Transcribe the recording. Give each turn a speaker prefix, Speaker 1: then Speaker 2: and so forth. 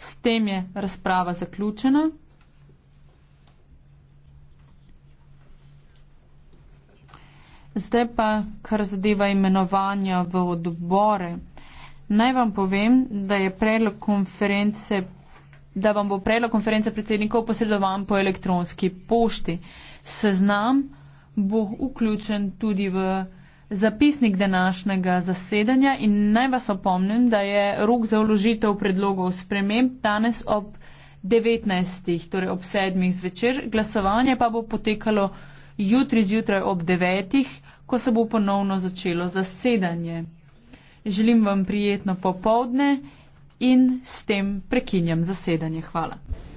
Speaker 1: S tem je razprava zaključena. Zdaj pa, kar zadeva imenovanja v odbore. Naj vam povem, da je predlog konference da vam bo predlog konference predsednikov posredovan po elektronski pošti. Seznam bo vključen tudi v zapisnik današnjega zasedanja in naj vas opomnim, da je rok za vložitev predlogov sprememb danes ob 19. torej ob 7. zvečer, glasovanje pa bo potekalo jutri zjutraj ob 9. ko se bo ponovno začelo zasedanje. Želim vam prijetno popovdne in s tem prekinjam zasedanje. Hvala.